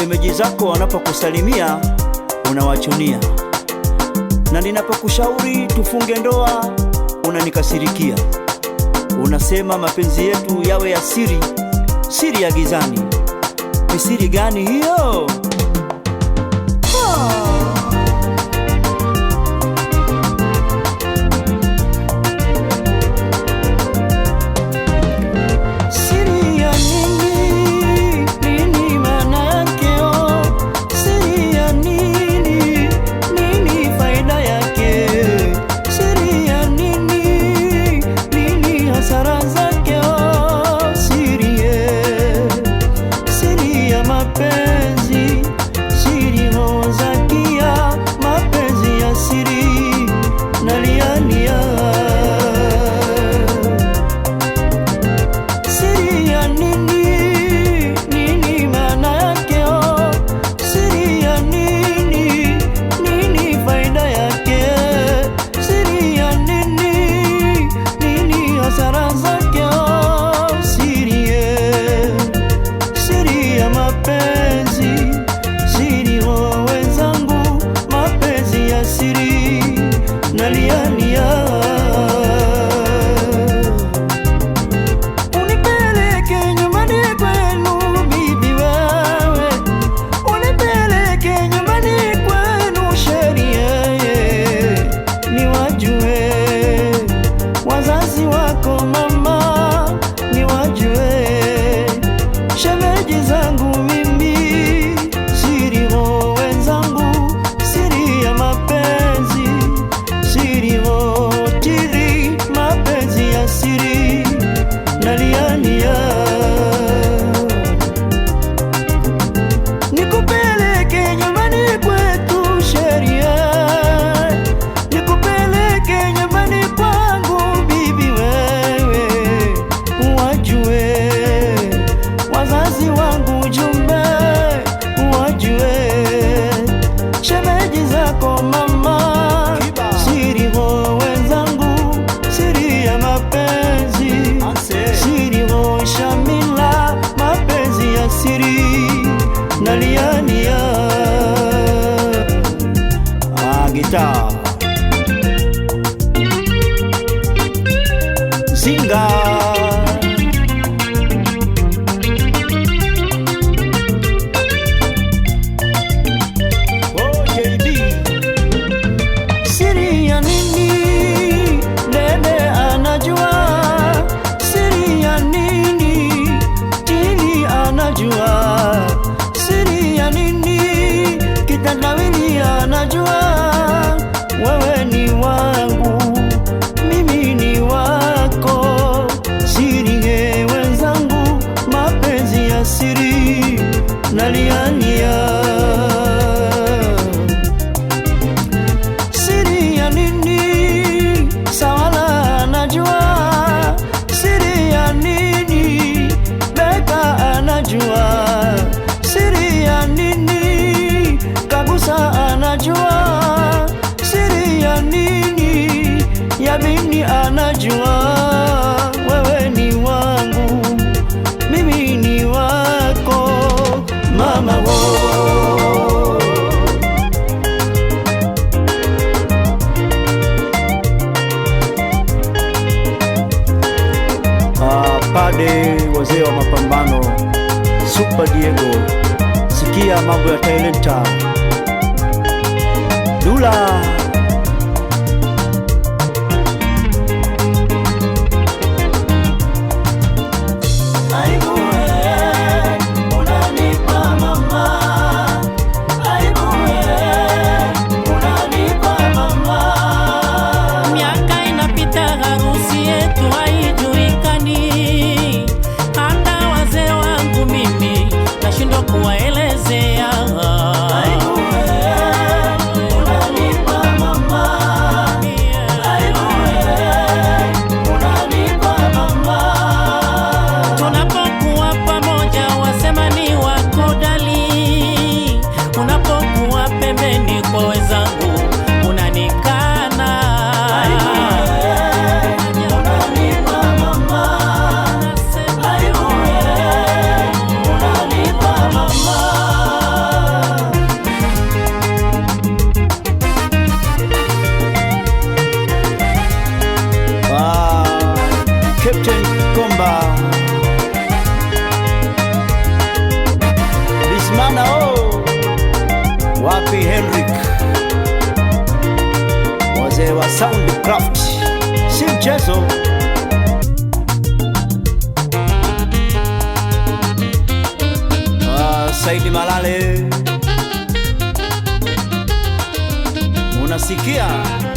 shemeji zako wanapokusalimia unawachunia, na ninapokushauri tufunge ndoa unanikasirikia. Unasema mapenzi yetu yawe ya siri, siri ya gizani. Ni siri gani hiyo? happen guitarra. Ah, Zingar. Wade, wazee wa mapambano, Super Diego, sikia mambo ya talenta Dula Henrik, wazee wa Soundcraft, si mchezo. Ah, Saidi Malale, unasikia